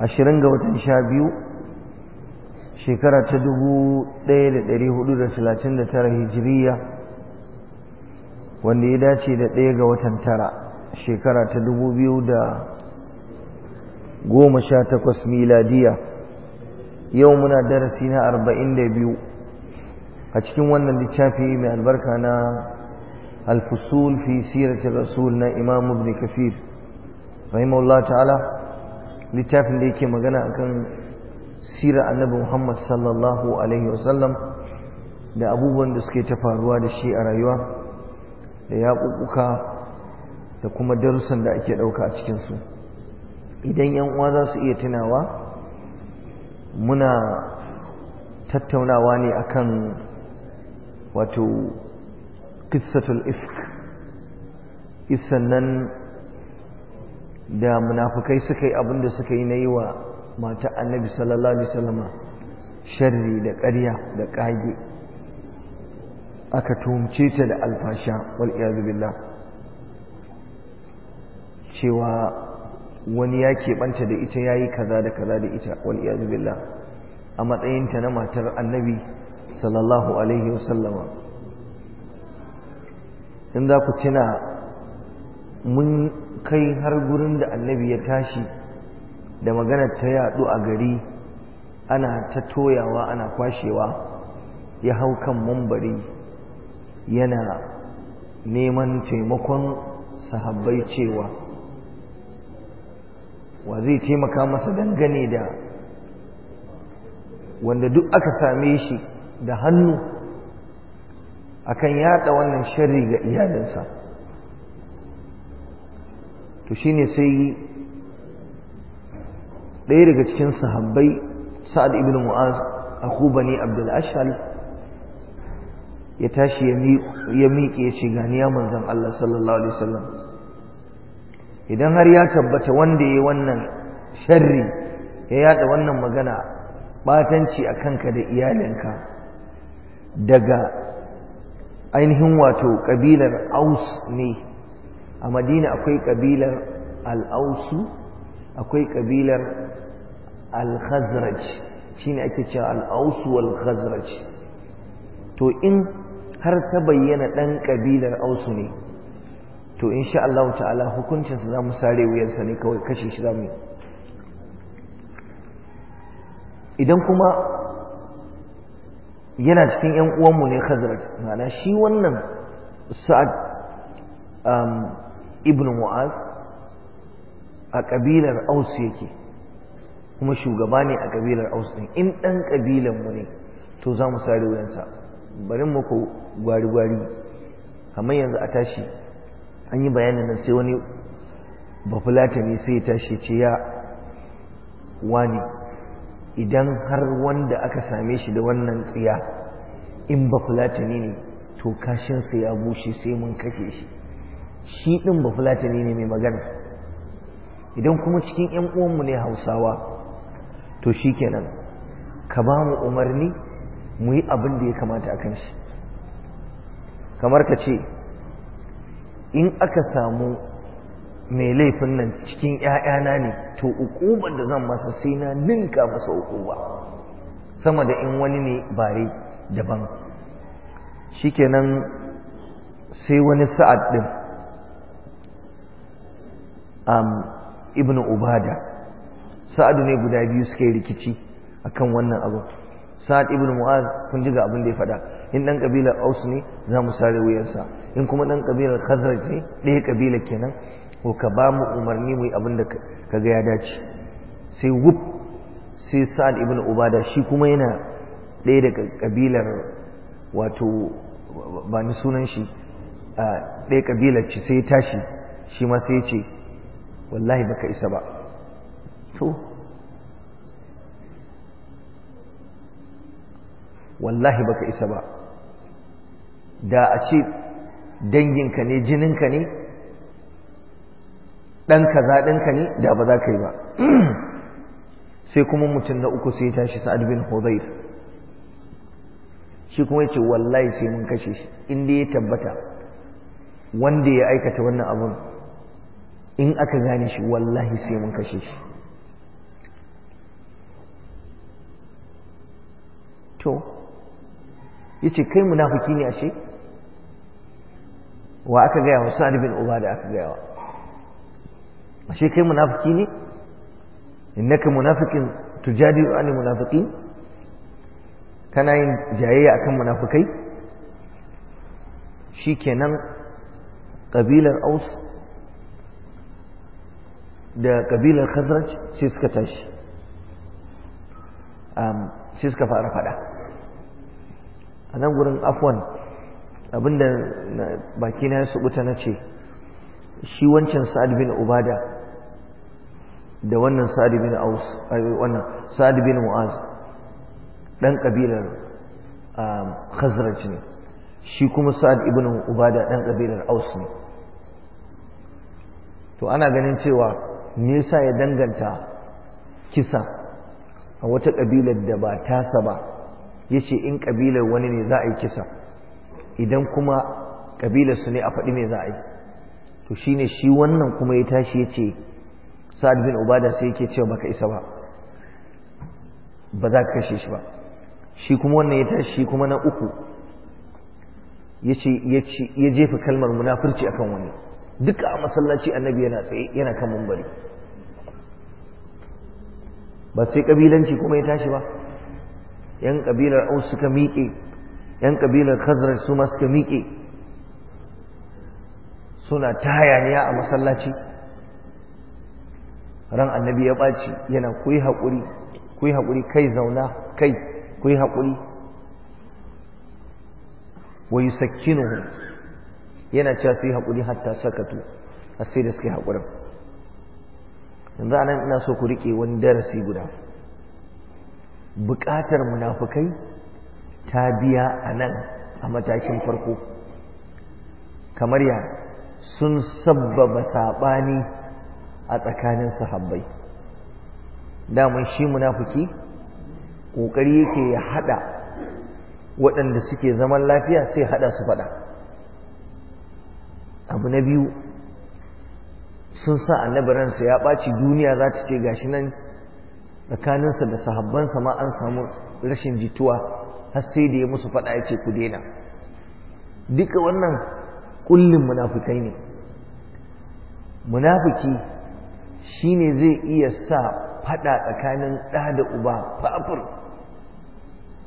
ashirin ga watan sha biyu shekara ta dubu ɗaya da ɗari hudu da talatin da tara hijiriya wanda ya dace da ɗaya ga watan tara shekara ta dubu biyu da goma sha takwas miladiya yau muna darasi na arba'in da biyu a cikin wannan littafi mai albarka na alfusul fi ta rasul na imam ibn kafir rahimahullah ta'ala littafin da yake magana akan sirar annabi Muhammad sallallahu alaihi wasallam da abubuwan da suke ta faruwa da shi a rayuwa da yaƙuƙuka da kuma darussan da ake ɗauka a cikinsu idan yan uwa za su iya tunawa muna tattaunawa ne akan wato kissatul ifk isan nan da munafukai suka yi abin da suka yi na yi wa mata annabi sallallahu alaihi wasallama sharri da ƙarya da ƙage aka tumce ta da alfasha wal billah cewa wani ya keɓanta da ita ya yi kaza da kaza da ita wal billah a matsayinta na matar annabi sallallahu alaihi wasallama in za ku tuna mun kai har gurin da annabi ya tashi da magana ta yadu a gari ana ta toyawa ana kwashewa ya hau kan mambari yana neman taimakon sahabbai cewa wa zai taimaka masa dangane da wanda duk aka same shi da hannu akan yada wannan sharri ga iyalinsa to shine sai ɗaya daga cikin sahabbai sa'ad ibn mu'az aku ne abdul ashal ya tashi ya miƙe ya ce gani ya Allah sallallahu alaihi wasallam idan har ya tabbata wanda ya yi wannan sharri ya yada wannan magana batanci a kanka da iyalinka daga ainihin wato ƙabilar aus ne a madina akwai ƙabilar al'ausu akwai ƙabilar al-khazraj shine ake cewa al-ausu wal khazraj to in har ta bayyana dan ƙabilar ausu ne to insha Allah ta'ala hukuncin sa zamu sare wuyansa ne kawai kashe shi zamu idan kuma yana cikin yan uwanmu ne khazraj ma'ana shi wannan sa'ad um, ibn mu'az a ƙabilar aus yake kuma shugaba ne a ƙabilar aus ɗin in ɗan ƙabilar mu ne to za mu sare wuyansa bari muku gwari-gwari kamar yanzu a tashi an yi bayanin nan sai wani bafulata ne sai ya tashi ce ya wani idan har wanda aka same shi da wannan tsiya in bafulata ne ne to kashinsa ya bushe sai mun kashe shi shi ɗin ba fulatani ne mai magana idan kuma cikin 'yan uwanmu ne hausawa to shi kenan ka ba mu umarni mu yi abin da ya kamata a kan shi kamar ka ce in aka samu mai laifin nan cikin 'ya'yana ne to ukubar da zan masa sai na ninka masa ukuba sama da in wani ne bare daban shi shikenan sai wani sa'ad ɗin ibn ubada sa'adu ne guda biyu suka yi rikici akan wannan abu sa'ad ibn mu'az kun ji ga abin da ya faɗa in ɗan kabilar aus ne za mu sare wuyarsa in kuma ɗan kabilar khazar ne ɗaya kabila kenan ko ka ba mu umarni mu yi abin da ka ga ya dace sai wuf sai sa'ad ibn ubada shi kuma yana ɗaya daga ƙabilar wato ba ni sunan shi ɗaya kabilar ce sai tashi shi ma sai ce wallahi baka isa ba to wallahi baka isa ba da a ce danginka ne jininka ne ɗan kaza ne da ba za ka yi ba sai kuma mutum na uku sai ya tashi sa'ad bin hudayr shi kuma yace wallahi sai mun kashe shi inda ya tabbata wanda ya aikata wannan abun in aka gane shi wallahi sai mun kashe shi to yace kai munafiki ne ashe wa aka gaya wa sa'ad bin ubada aka gaya wa ashe kai munafiki ne innaka munafiqin tujadilu anil munafiqin kana yin jayayya akan munafikai shikenan kabilar aus da ƙabilar khazraj sai suka tashi sai suka fara fada a nan gurin afwan abinda bakina ya subuta na ce shi wancan sa'ad bin ubada da wannan sa'ad bin aus wannan sa'ad bin mu'az dan kabilar khazraj ne shi kuma sa'ad ibn ubada dan kabilar aus ne to ana ganin cewa me yasa ya danganta kisa a wata ƙabilar da ba tasa ba ya ce in ƙabilar wani ne za a yi kisa idan kuma su ne a faɗi me za a yi to shi ne shi wannan kuma ya tashi ya ce sa'ad bin ubada sai yake cewa baka isa ba ba za ka kashe shi ba shi kuma wannan ya tashi shi kuma na uku ya jefa kalmar munafurci akan wani duka a masallaci annabi yana tsaye yana kan mumbari ba sai kabilanci kuma ya tashi ba yan kabilar aus suka miƙe yan kabilar khazraj su ma suka miƙe suna ta hayaniya a masallaci ran annabi ya baci yana kuyi hakuri haƙuri kai zauna kai kuyi hakuri haƙuri wa yusakkinuhu yana cewa su yi haƙuri hatta sakatu a sai da suke haƙurin yanzu anan ina so ku riƙe wani darasi guda buƙatar munafukai ta biya a nan a matakin farko kamar ya sun sabbaba saɓani a tsakanin sahabbai damun shi munafuki ƙoƙari yake ya haɗa waɗanda suke zaman lafiya sai haɗa su faɗa abu na biyu sun sa annabi ransa ya ɓaci duniya za ta ce gashi nan tsakaninsa da sahabbansa ma an samu rashin jituwa har sai da ya musu faɗa ya ce ku daina duka wannan ƙullin munafukai ne munafiki shine zai iya sa faɗa tsakanin ɗa da uba fafur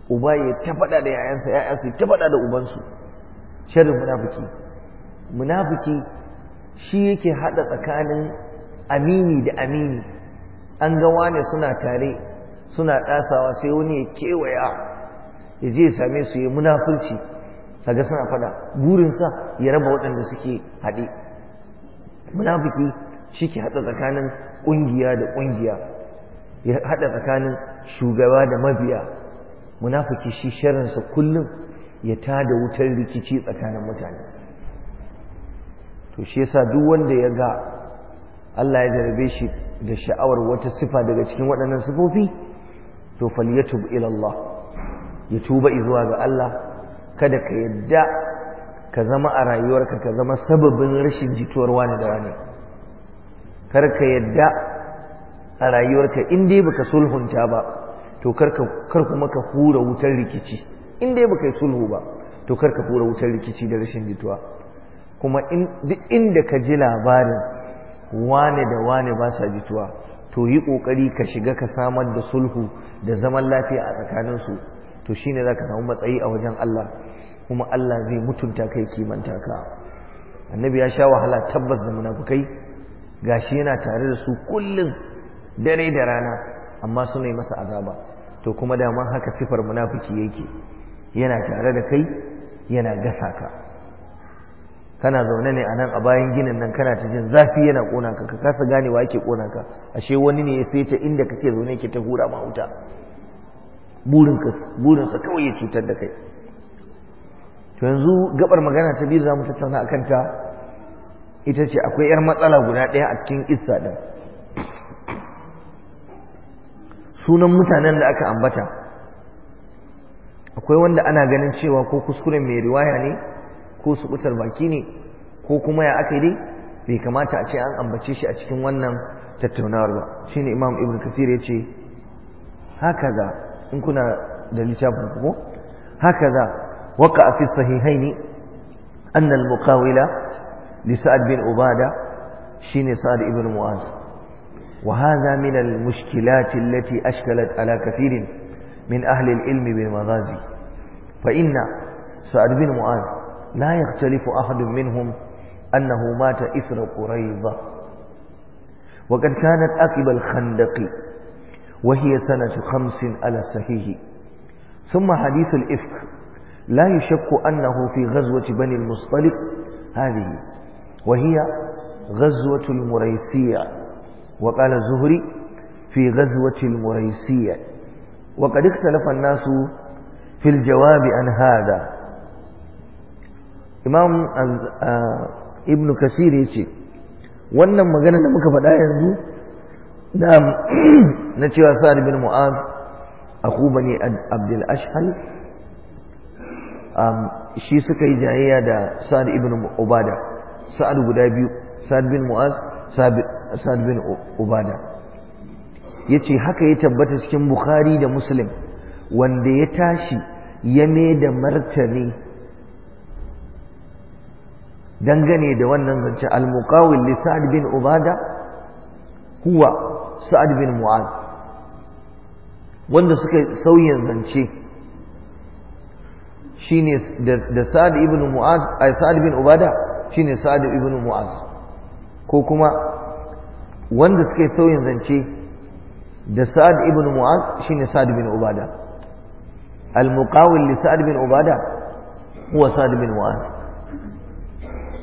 uba ya ta faɗa da yayansa yayansa ta faɗa da ubansu shirin munafiki munafiki shi yake hada tsakanin amini da amini an ga wane suna tare suna ɗasawa sai wani ya kewaya ya je same su ya munafurci kaga suna fada burinsa ya raba waɗanda suke haɗe munafiki shi ke haɗa tsakanin ƙungiya da ƙungiya ya haɗa tsakanin shugaba da mabiya munafiki shi sharinsa kullum ya tada wutar rikici tsakanin mutane to shi yasa duk wanda ya ga Allah ya jarabe shi da sha'awar wata sifa daga cikin waɗannan sifofi to falyatub ila Allah ya tuba zuwa ga Allah kada ka yadda ka zama a rayuwarka ka zama sababin rashin jituwar wani da wani kar ka yadda a rayuwarka in dai baka sulhunta ba to kar kuma ka hura wutar rikici in dai baka yi sulhu ba to kar ka hura wutar rikici da rashin jituwa kuma duk inda ka ji labarin wane da wane ba sa jituwa to yi ƙoƙari ka shiga ka samar da sulhu da zaman lafiya a tsakaninsu to shi ne za ka samu matsayi a wajen Allah kuma Allah zai mutunta kai kimanta ka annabi ya sha wahala tabbas da munafukai gashi yana tare da su kullum dare da rana amma suna yi masa azaba to kuma daman haka sifar munafuki yake yana tare da kai yana gasa ka kana zaune ne a nan a bayan ginin nan kana ta jin zafi yana kona ka ka kasa gane wa yake kona ka ashe wani ne ya sai ta inda kake zaune yake ta hura ma wuta burinsa kawai ya cutar da kai to yanzu gabar magana ta biyu zamu mu tattauna a kanta ita ce akwai 'yar matsala guda ɗaya a cikin issa din sunan mutanen da aka ambata akwai wanda ana ganin cewa ko kuskuren mai riwaya ne ko su subutar baki ne ko kuma ya aka dai bai kamata a ce an ambace shi a cikin wannan tattaunawar ba shine imam ibnu kathir yace haka za in kuna da littafin ku haka za waka a fi sahihaini annal muqawila li sa'ad bin ubada shine sa'ad ibn mu'az wa hadha min al mushkilat allati ashkalat ala kathirin min ahli al ilm bil madazi fa inna سعد بن mu'az لا يختلف أحد منهم أنه مات إثر قريظة وقد كانت أكب الخندق وهي سنة خمس على سهيه ثم حديث الإفك لا يشك أنه في غزوة بني المصطلق هذه وهي غزوة المريسية وقال الزهري في غزوة المريسية وقد اختلف الناس في الجواب عن هذا imam ibn kasir ya ce wannan magana da muka faɗa yanzu na cewa sa'ad bin mu'az kuma bani abdul ashhal shi suka yi jayayya da sa'ad ibn ubada sa'ad guda biyu sa'ad bin mu'az sa'ad bin ubada ce haka ya tabbata cikin bukhari da muslim wanda ya tashi ya mai da martani dangane da wannan zance al-muqawil li sa'd bin ubada huwa sa'd bin mu'az wanda suka sauyin zance shine da sa'd ibn mu'az ay sa'd bin ubada shine sa'd ibn mu'az ko kuma wanda suka sauyin zance da sa'd ibn mu'az shine sa'd bin ubada al li sa'd bin ubada huwa sa'd bin mu'az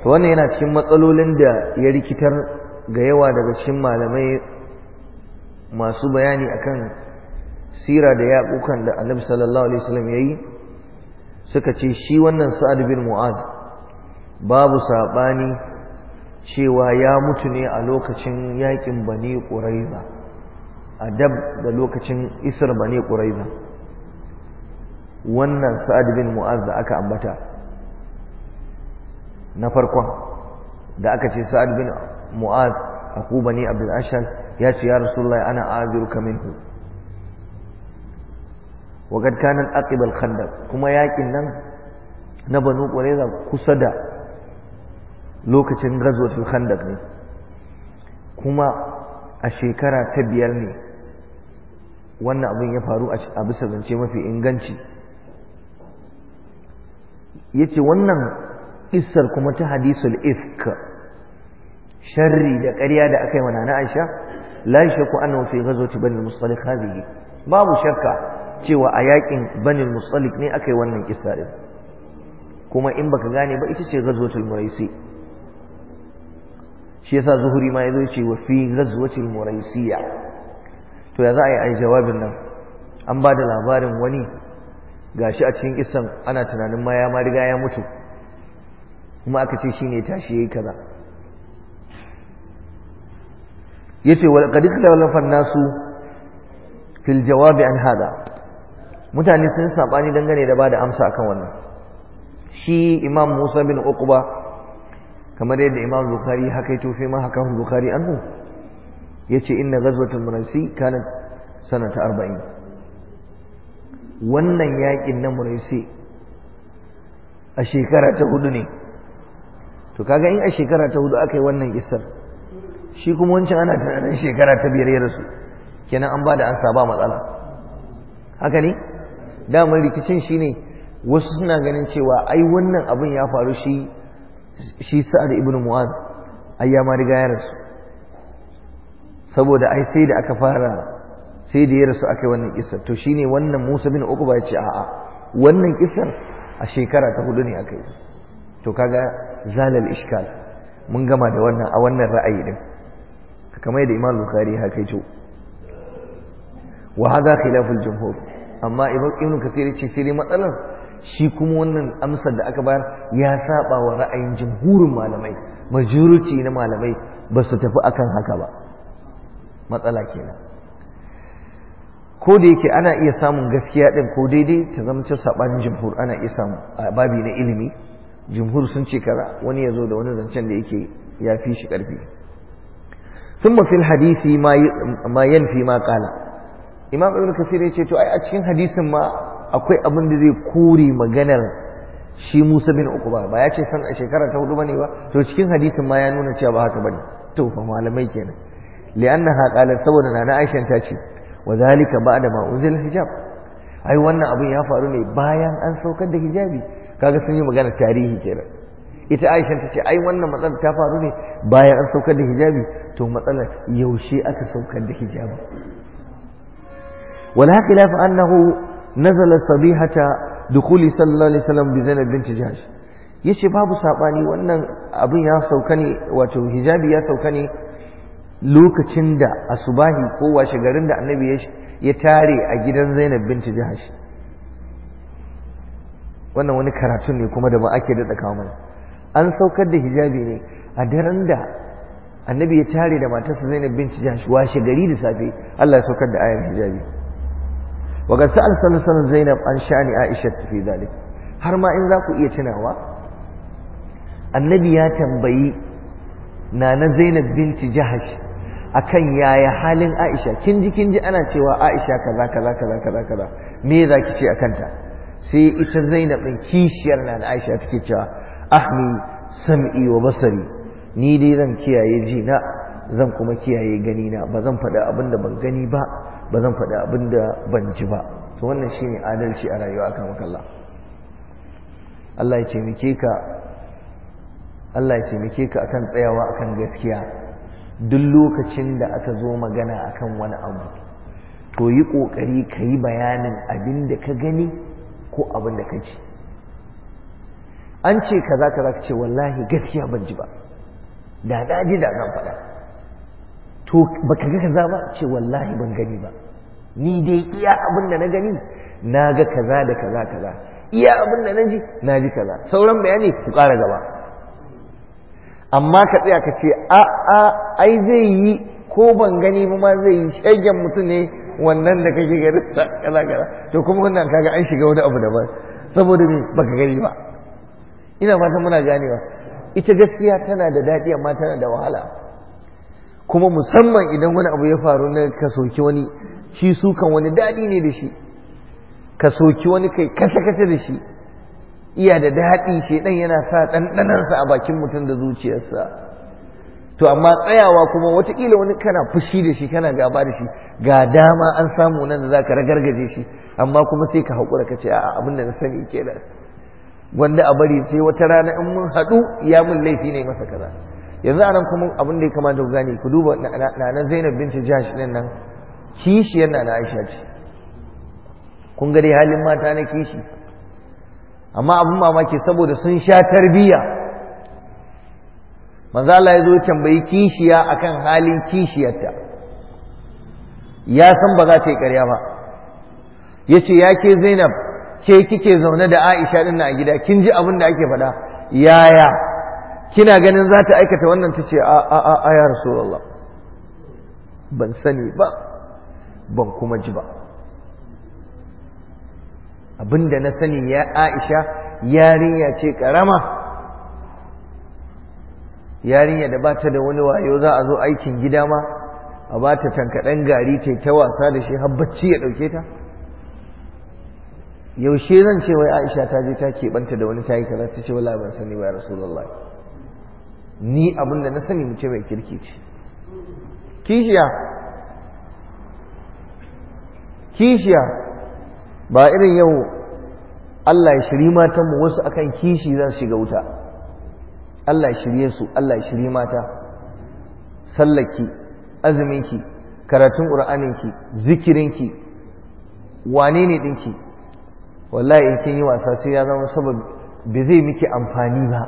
wannan yana cikin matsalolin da ya rikitar ga yawa daga cikin malamai masu bayani akan sira da yaƙukan da annabi sallallahu alaihi wasallam yi suka ce shi wannan sa'ad bin mu'ad babu saɓani cewa ya mutu ne a lokacin yaƙin bani ƙuraiza a dab da lokacin isar bani ƙuraiza wannan sa'ad bin mu'ad da aka ambata na farkon da aka ce sa'ad bin mu'az akuba ne abdul ashal ya ce ya rasulullahi ana aziruka minhu wa kad kana kuma yakin nan na banu qurayza kusa da lokacin ghazwatul kandar ne kuma a shekara ta biyar ne wannan abin ya faru a bisa zance mafi inganci yace wannan isar kuma ta hadisul ifk sharri da ƙarya da aka yi wa nana Aisha la shakku annahu fi ghazwati bani al hadhihi babu shakka cewa a yakin bani al ne aka yi wannan kissa din kuma in baka gane ba ita ce ghazwatul muraisi shi yasa zuhuri ma yazo ce wa fi ghazwatil muraisiya to ya za a yi ai jawabin nan an ba da labarin wani gashi a cikin kissan ana tunanin ma ya ma riga ya mutu kuma aka ce shine tashi yayi kaza yace wal qad ikhtalafa nasu fil jawabi an hada mutane sun sabani dangane da bada amsa akan wannan shi imam Musa bin Uqba kamar yadda imam Bukhari haka yato fi ma haka Bukhari anhu yace inna ghazwatul munasi kanat sanata 40 wannan yakin na munasi a shekara ta hudu ne to kaga in a shekara ta hudu aka yi wannan kisar, shi kuma wancan ana tunanin shekara ta biyar ya rasu kenan an ba da ansa ba matsala haka ne damar rikicin shine wasu suna ganin cewa ai wannan abin ya faru shi shi sa'ad ibn mu'az ai ya ma riga ya rasu saboda ai sai da aka fara sai da ya rasu aka yi wannan kisar to shine wannan musa bin uku ba ya ce a'a wannan kisar a shekara ta hudu ne aka yi to kaga zalal iskal mun gama da wannan a wannan ra'ayi din kamar da imam bukhari haka yace wa hada khilaful jumhur amma ibnu kathir yace sai dai matsalar shi kuma wannan amsar da aka bayar ya saba wa ra'ayin jumhurin malamai majority na malamai ba su tafi akan haka ba matsala kenan ko da yake ana iya samun gaskiya din ko daidai ta zama cewa sabanin jumhur ana iya samu a babi na ilimi jimhur sun ce kaza wani ya zo da wani zancen da yake ya fi shi ƙarfi sun mafi hadisi ma yan fi ma ƙala imam ibn kasir ya ce to ai a cikin hadisin ma akwai abin da zai kore maganar shi musa bin uku ba ya ce san a shekara ta hudu bane ba to cikin hadisin ma ya nuna cewa ba haka bane to fa malamai kenan li'annaha qalat saboda nana aisha ta ce wa zalika ba'da ma unzila hijab ai wannan abin ya faru ne bayan an saukar da hijabi kaga sun yi magana tarihi kenan ita aisha ta ce ai wannan matsala ta faru ne bayan an saukar da hijabi to matsala yaushe aka saukar da hijabi wala khilaf annahu nazala sabihata dukuli sallallahu alaihi wasallam bi zainab bint jahsh yace babu sabani wannan abin ya sauka ne wato hijabi ya sauka ne lokacin da asubahi ko washe garin da annabi ya ya tare a gidan zainab binti jahash wannan wani karatun ne kuma da ba ake daɗa kawo mana an saukar da hijabi ne a daren da annabi ya tare da matarsa zainab binti jahash washe gari da safe Allah ya saukar da ayar hijabi wa ga sa'al sallallahu zainab an sha ni aisha ta fi zalik har ma in za ku iya tunawa annabi ya tambayi nana zainab binti jahash akan yaya halin Aisha kin ji kin ji ana cewa Aisha kaza kaza kaza kaza kaza me zaki ce akan ta sai ita Zainab din kishiyar nan Aisha take cewa ahmi sam'i wa basari ni dai zan kiyaye ji na zan kuma kiyaye gani na ba zan faɗi abin da ban gani ba ba zan faɗi abin da ban ji ba to wannan shine adalci a rayuwa akan makalla Allah ya taimake ka Allah ya taimake ka akan tsayawa akan gaskiya duk lokacin da aka zo magana akan wani abu to yi ƙoƙari ka yi bayanin abin da ka gani ko abin da ka ji an ce kaza kaza ka ce wallahi gaskiya ban ji ba da na ji da zan faɗa to ba ka ga kaza ba ce wallahi ban gani ba ni dai iya abin da na gani na ga kaza da kaza kaza iya abin da na ji na ji kaza sauran bayani ku ƙara gaba amma ka tsaya ka ce a a ai zai yi ko ban gani ba ma zai yi shagen mutum ne wannan da kake gari kaza kaza to kuma wannan kaga an shiga wani abu daban saboda me baka gani ba ina fata muna ganewa ita gaskiya tana da daɗi amma tana da wahala kuma musamman idan wani abu ya faru na ka soki wani shi sukan wani daɗi ne da shi ka soki wani kai kasa kasa da shi iya da daɗi shedan yana sa ɗanɗanansa a bakin mutum da zuciyarsa to amma tsayawa kuma watakila wani kana fushi da shi kana gaba da shi ga dama an samu nan da za ka ragargaje shi amma kuma sai ka haƙura ka ce a abin da na sani kenan wanda a bari sai wata rana in mun haɗu ya mun laifi ne masa kaza yanzu anan kuma abin da ya kamata ku gane ku duba na Zainab binti Jahsh din nan kishi yana na Aisha ce kun ga dai halin mata na kishi amma abin mamaki saboda sun sha tarbiyya manzo Allah ya zo tambayi kishiya akan halin kishiyarta ya san ba za ta yi ƙarya ba yace ya ke Zainab ke kike zaune da Aisha dinna a gida kin ji abin da ake faɗa yaya kina ganin za ta aikata wannan tace a a a ya Rasulullah ban sani ba ban kuma ji ba abinda na sani ya aisha yarinya ce karama yarinya da bata da wani wayo za a zo aikin gida ma a bata tankaɗen gari ce ta wasa da shi har ya ɗauke ta yaushe zan ce wai aisha ta je ta keɓanta da wani tayi kaza ta ce wala ban sani ba ya ni abin na sani mace mai kirki ce kishiya kishiya ba irin yau Allah ya shiri matanmu wasu akan kishi za shiga wuta Allah ya shirye su Allah ya shiri mata sallaki azuminki karatun ƙur'aninki zikirinki wane ne ɗinki wallahi in kin yi wasa sai ya zama saboda bai zai miki amfani ba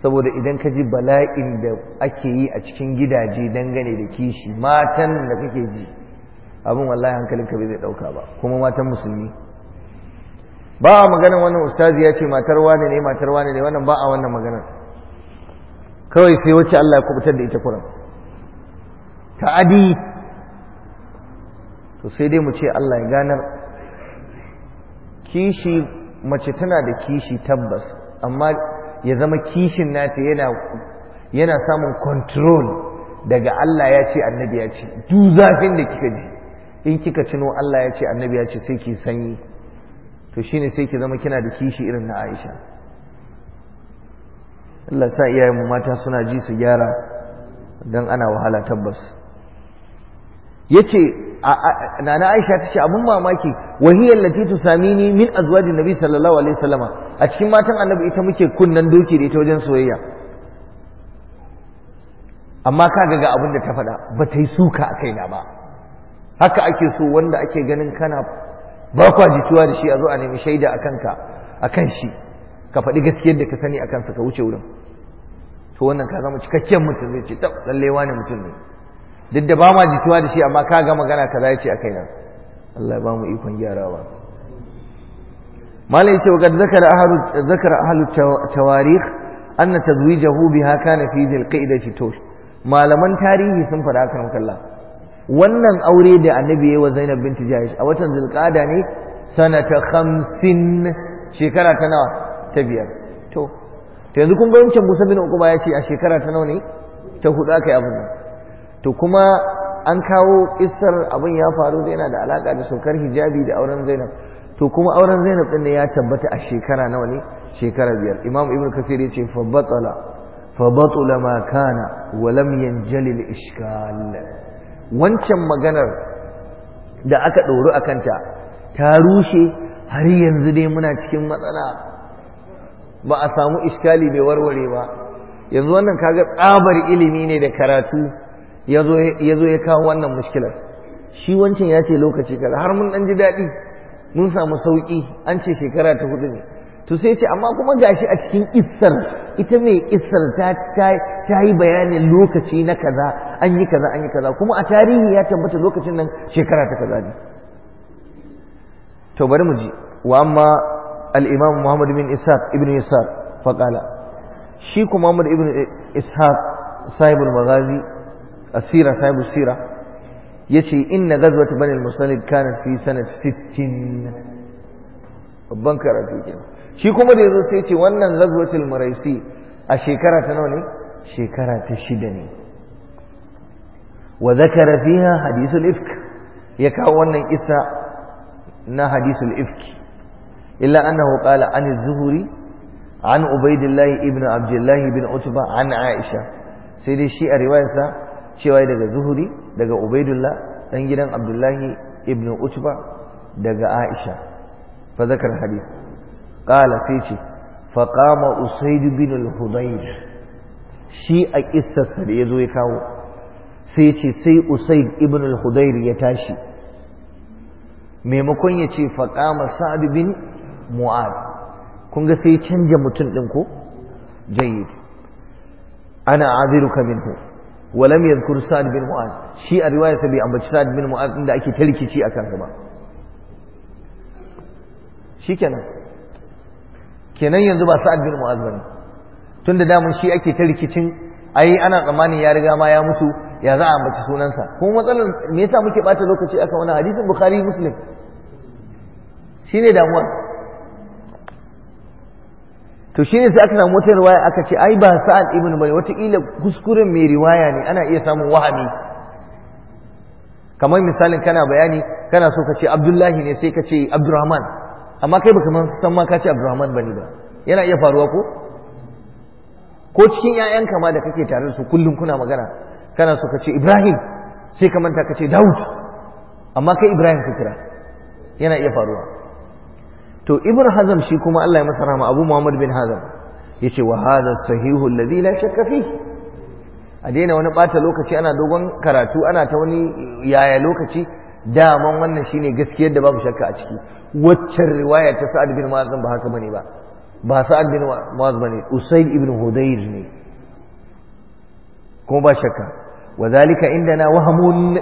saboda idan ka ji bala'in da ake yi a cikin gidaje dangane da kishi matan da kake ji abin wallahi hankalinka bai zai ɗauka ba kuma matan musulmi ba a maganar wannan ustazi ya ce matar wane ne matar wane ne wannan ba a wannan maganar kawai sai wacce Allah ya kubutar da ita kuran ta'adi to sai dai mu ce Allah ya ganar kishi mace tana da kishi tabbas amma ya zama kishin nata yana yana samun control daga Allah ya ce annabi ya ce duk zafin da kika ji in kika cino Allah ya ce annabi ya ce sai ki sanyi to shine sai ki zama kina da kishi irin na Aisha Allah sa iyayen mu mata suna ji su gyara dan ana wahala tabbas yace nana Aisha tace abun mamaki wahiyya lati tusamini min azwajin nabi sallallahu alaihi wasallama a cikin matan annabi ita muke kunnan doki da ita wajen soyayya amma kaga ga abin da ta faɗa ba ta yi suka a kaina ba haka ake so wanda ake ganin kana ba kwa jituwa da shi a zo a nemi shaida a kanka a kan shi ka faɗi gaskiyar da ka sani a kansa ka wuce wurin to wannan ka zama cikakken mutum zai ce tab lalle wani mutum ne duk da ba ma jituwa da shi amma ka ga magana kaza ya ce a kaina Allah ya ba mu ikon gyarawa malai ce wa zakara ahlu zakara ahlu tawarikh anna tazwijahu biha kana fi dhil qaidati توش malaman tarihi sun fara أكرم kallan. wannan aure da annabi ya wa zainab binti jahish a watan zulqada ne sanata hamsin shekara ta nawa ta biyar to to yanzu kun ga wancan musa bin ukuba ya ce a shekara ta nawa ne ta hudu aka yi abin nan to kuma an kawo kissar abin ya faru da yana da alaka da saukar hijabi da auren zainab to kuma auren zainab din ne ya tabbata a shekara nawa ne shekara biyar imam ibn kasir ya ce fa batala fa batula ma kana wa lam yanjali al wancan maganar da aka ɗoru a kanta ta rushe har yanzu dai muna cikin matsala ba a samu iskali mai warware ba yanzu wannan kaga tsabar ilimi ne da karatu ya zo ya kawo wannan mushkilar shi wancan ya ce lokaci kaza har mun ɗan ji daɗi mun samu sauƙi an ce shekara ta hudu ne to sai ce amma kuma gashi a cikin issar. ita mai isar ta yi bayanin lokaci na kaza an yi kaza an yi kaza kuma a tarihi ya tabbata lokacin nan shekara ta kaza ne to bari mu ji wa amma al-imam Muhammad bin Ishaq ibn Ishaq faqala shi kuma Muhammad ibn Ishaq sahibul maghazi asira sahibul sira yace inna ghazwat bani al-musallid kanat fi sanat 60 babban karatu kenan shi kuma da zo sai ce wannan ghazwatul maraisi a shekara ta nawa ne shekara ta shida ne wa zakara fiha hadithul ifk ya kawo wannan isa na hadithul ifk illa annahu qala an az-zuhri an ubaidillah ibn abdullah ibn utba an aisha sai dai shi a riwayarsa cewa daga zuhuri daga ubaidullah dan gidan abdullahi ibn utba daga aisha fa zakar hadith ƙala sai ce faƙama Usaid bin al-hudayr shi a ƙissarsa da ya zo ya kawo sai ce sai usaid ibn al-hudayr ya tashi maimakon ya ce faƙama sa'ad bin mu'ad kun ga sai canja mutum ɗin ko jayyid ana aziruka minhu walam yadhkur sa'ad bin mu'ad shi a riwaya sai bai ambaci sa'ad bin mu'ad inda ake tarkici akan sa ba shikenan kenan yanzu ba sa'ad bin mu'az bane tunda damun shi ake ta rikicin ai ana tsammanin ya riga ma ya mutu ya za a ambaci sunansa kuma matsalar me yasa muke bata lokaci aka wani hadisin bukhari muslim shine damuwa to shine sai aka samu wata riwaya aka ce ai ba sa'ad ibn bane wataƙila kuskuren mai riwaya ne ana iya samun wahami kamar misalin kana bayani kana so ka ce abdullahi ne sai ka ce abdurrahman amma kai baka san ma ka ce Abdurrahman bane ba yana iya faruwa ko ko cikin ƴaƴanka ma da kake tare da su kullum kuna magana kana so ka ce Ibrahim sai ka manta ka ce Dawud amma kai Ibrahim ka kira yana iya faruwa to Ibn Hazm shi kuma Allah ya masa rahama Abu Muhammad bin Hazm yace wa hadha sahihu alladhi la shakka fihi a daina wani ɓata lokaci ana dogon karatu ana ta wani yaya lokaci daman wannan shine gaskiyar da babu shakka a ciki waccan riwaya ta sa'ad bin ma'azin ba haka bane ba ba sa'ad bin mu'az bane Usaid ibn hudayr ne kuma ba shakka na indana wahamun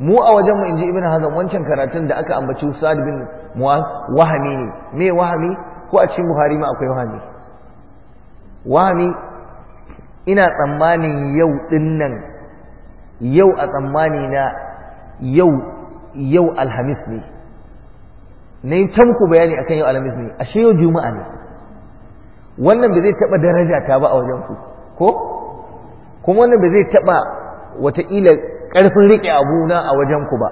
mu a wajen mu inji ibn hazan wancan karatun da aka ambaci sa'ad bin mu'az wahami ne me wahami ko a cikin buhari ma akwai wahami wahami ina tsammanin yau dinnan yau a tsammani na yau yau alhamis ne na yi tamku bayani akan yau alhamis ne ashe yau juma'a ne wannan ba zai taɓa daraja ta ba a wajen ku ko kuma wannan ba zai taɓa wataƙila ƙarfin riƙe abuna a wajen ku ba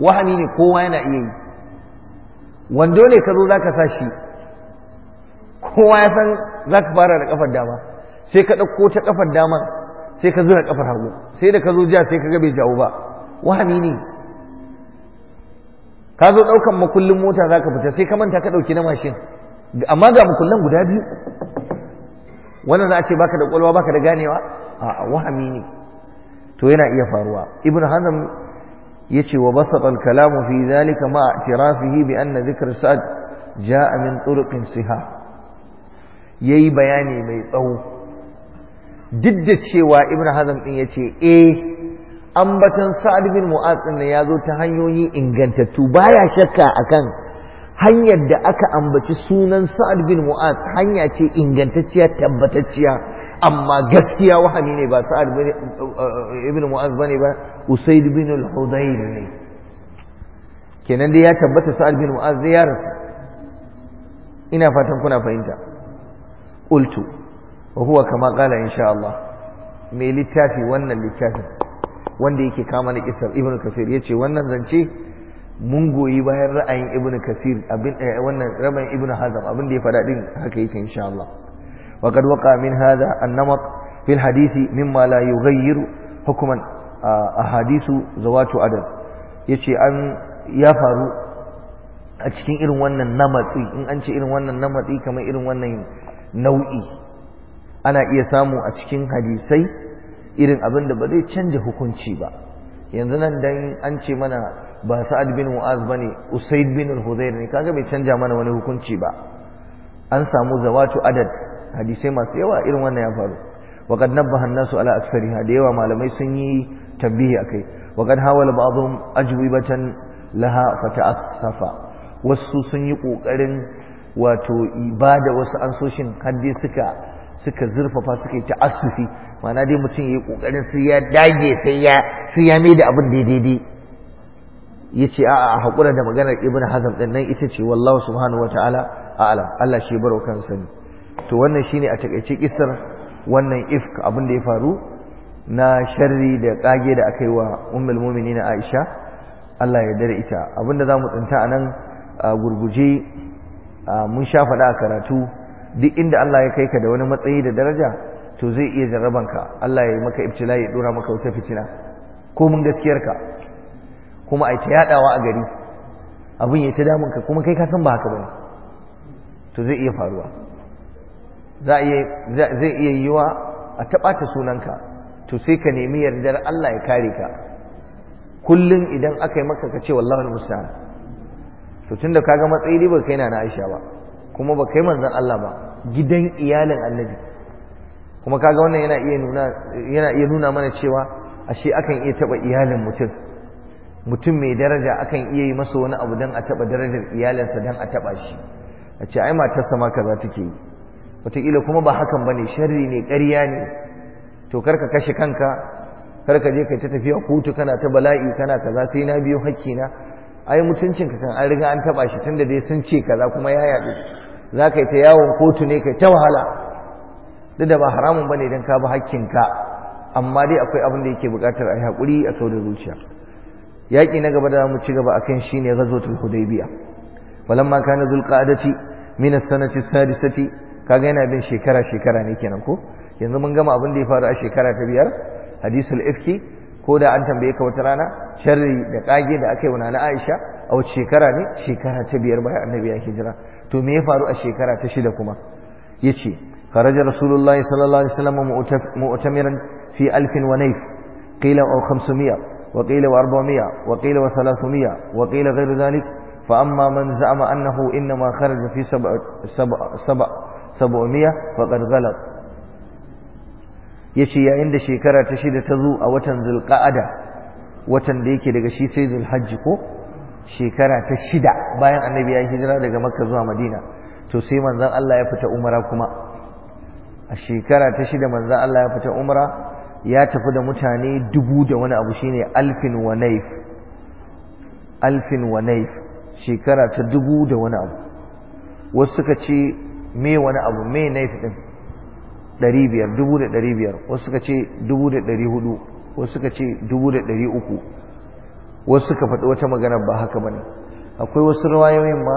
wahani ne kowa yana iya yi wando ne ka zo za ka sa kowa ya san za ka fara da ƙafar dama sai ka ɗauko ta ƙafar dama sai ka zura ƙafar hagu sai da ka zo jiya sai ka ga bai jawo ba wahani ne ka zo ɗaukan makullin mota za ka fita sai ka manta ka ɗauki na mashin amma ga makullin guda biyu wannan za a ce baka da ƙwalwa baka da ganewa a wahami ne to yana iya faruwa ibn hazm ya ce wa basata kalamu fi zalika ma i'tirafihi bi anna dhikr sa'd ja'a min turuqin siha yayi bayani mai tsawo duk da cewa ibn hazm din yace eh ambatan sa'ad bin mu'az din ya zo ta hanyoyi ingantattu baya shakka akan hanyar da aka ambaci sunan sa'ad bin mu'az hanya ce ingantacciya tabbatacciya amma gaskiya wahani ne ba sa'ad eh, ibn mu'az bane ba usaid bin al-hudayr ne kenan dai ya tabbata sa'ad bin mu'az zai rasu ina fatan kuna fahimta qultu wa huwa kama kala insha Allah mai littafi wannan littafin wanda yake kama na kisar ibn kasir ya ce wannan zance mun goyi bayan ra'ayin ibn kasir eh, wannan rabin ibn hazam abin da ya faɗa din haka yake insha Allah wa qad waqa min hadha an-namat fi al-hadisi mimma la yughayyiru hukman ahadisu zawatu adad yace an ya faru a cikin irin wannan namatsi in an ce irin wannan namatsi kamar irin wannan nau'i ana iya samu a cikin hadisai irin abin da ba zai canja hukunci ba yanzu nan dan an ce mana ba sa'ad bin mu'az bane usaid bin al-hudayr ne kaga bai canja mana wani hukunci ba an samu zawatu adad hadisai masu yawa irin wannan ya faru وقد نبه الناس على أكثرها ديوا ما لم يسني تنبيه أكي وقد hawala ba'dhum ajwibatan laha asafa. wasu sun yi ƙoƙarin wato ibada wasu ansoshin haddi suka suka zurfafa suka yi ta ta'assufi mana dai mutum ya yi ƙoƙarin sai ya dage sai ya sai ya mai da abin daidai ya ce a'a a haƙura da maganar ibn hazam ɗin nan ita ce wallahu subhanahu wa ta'ala A'ala Allah shi baro kan sani to wannan shine a takaice kisar wannan ifk abin da ya faru na sharri da ƙage da aka yi wa ummul mu'minin Aisha Allah ya dare ita abinda zamu tsinta anan a gurguje mun sha faɗa a karatu duk inda Allah ya kai ka da wani matsayi da daraja to zai iya jarabanka Allah ya yi maka ibtila ya dora maka wata fitina ko mun gaskiyarka kuma ai ta yadawa a gari abin ya ta damun ka kuma kai ka san ba haka bane to zai iya faruwa za iya zai iya a taba ta sunanka to sai ka nemi yardar Allah ya kare ka kullun idan aka yi maka ka ce wallahi musta'an to tunda kaga matsayi ne ba kai na na Aisha ba kuma ba kai manzan Allah ba gidan iyalin annabi kuma kaga wannan yana iya nuna yana iya nuna mana cewa ashe akan iya taba iyalin mutum mutum mai daraja akan iya yi masa wani abu dan a taba darajar iyalinsa dan a taba shi a ce ai matarsa ma kaza take yi wataƙila kuma ba hakan bane sharri ne ƙarya ne to karka kashe kanka karka je kai ta tafiya kotu kana ta bala'i kana kaza sai na biyo hakkina ai mutuncinka kan an riga an taba shi tunda dai sun ce kaza kuma ya yaɗu za ka yi ta yawon kotu ne kai ta wahala duk da ba haramun ba ne don ka bi hakkinka amma dai akwai abin da yake bukatar a yi haƙuri a sau zuciya yaƙi na gaba da mu ci gaba a kan shi ne ghazwatul biya. walamma kana na qa'dati sanati sadisati kaga yana bin shekara shekara ne kenan ko yanzu mun gama abin da ya faru a shekara ta biyar hadisul ifki ko da an tambaye ka wata rana sharri da kage da aka yi wa nana Aisha a wace shekara ne shekara ta biyar bayan annabi ya hijira to me ya faru a shekara ta shida kuma yace kharaja rasulullahi sallallahu alaihi wasallam mu'tamiran fi alfin wa nayf qila aw 500 wa qila wa 400 wa qila wa 300 wa qila ghayr dhalik fa amma man za'ama annahu inma kharaja fi 7 7 700 ya ce yayin da shekara ta shida ta zo a watan zulqa'ada watan da yake daga shi sai zulhajji ko shekara ta shida bayan annabi ya hijira daga makka zuwa madina to sai manzan Allah ya fita umara kuma a shekara ta shida manzan Allah ya fita umara ya tafi da mutane dubu da wani abu shine alfin wa naif alfin wa naif shekara ta dubu da wani abu wasu suka ce me wani abu me naif din ɗari biyar dubu da biyar wasu suka ce dubu da hudu wasu suka ce dubu da uku wasu suka faɗi wata magana ba haka ba ne akwai wasu rawayoyin ma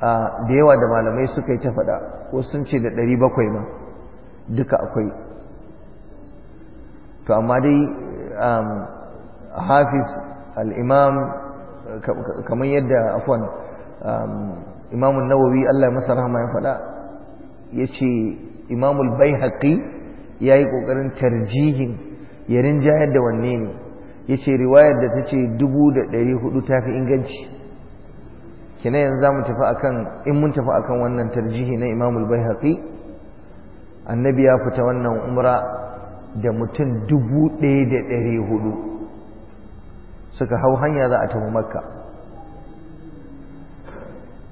da yawa da malamai suka yi ta faɗa wasu sun ce da 700 bakwai ma duka akwai to amma dai hafiz al'imam kamar yadda afon imamun nawawi allah masa rahama ya faɗa ya ce imamul bai haƙi ya yi ƙoƙarin tarjihin ya jayar da wanne ne ya ce riwayar da ta ce dubu da ɗari hudu ta fi inganci kina yanzu za mu tafi akan in mun tafi akan wannan tarjihi na imamul bai haƙi annabi ya fita wannan umra da mutum dubu ɗaya da ɗari hudu suka hau hanya za a tafi makka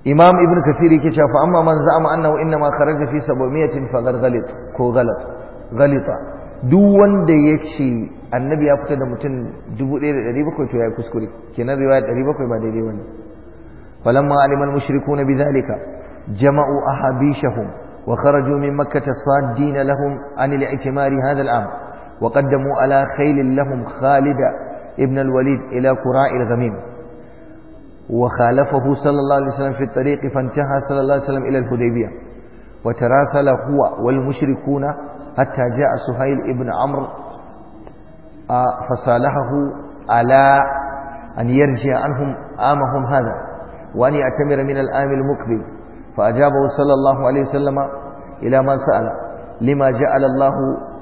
imam ibn kathir yake cewa amma man za'ama annahu inna ma kharaja fi sabumiyatin fa ghalit ko ghalat duk wanda yace annabi ya fita da mutum 1700 to ya kuskure kenan riwaya 700 ba daidai bane falamma alima al-mushrikuuna bidhalika jama'u ahabishahum wa kharaju min makkah saddina lahum an al-i'timar hadha al-am wa qaddamu ala kaili lahum Khalida ibn al-walid ila qura'il ghamim وخالفه صلى الله عليه وسلم في الطريق فانتهى صلى الله عليه وسلم إلى الحديبية وتراسل هو والمشركون حتى جاء سهيل ابن عمرو آه، فصالحه على أن يرجع عنهم آمهم هذا وأن يأتمر من الآم المقبل فأجابه صلى الله عليه وسلم إلى ما سأل لما جعل الله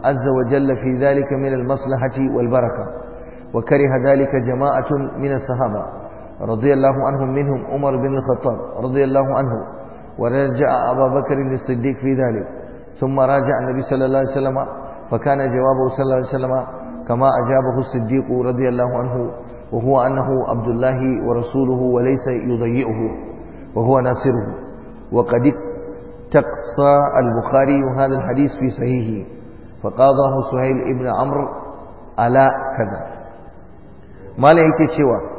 عز وجل في ذلك من المصلحة والبركة وكره ذلك جماعة من الصحابة رضي الله عنهم منهم عمر بن الخطاب رضي الله عنه ورجع أبا بكر الصديق في ذلك ثم راجع النبي صلى الله عليه وسلم فكان جوابه صلى الله عليه وسلم كما أجابه الصديق رضي الله عنه وهو أنه عبد الله ورسوله وليس يضيئه وهو ناصره وقد تقصى البخاري هذا الحديث في صحيحه فقاضاه سهيل ابن عمرو على كذا ما لقيت شوى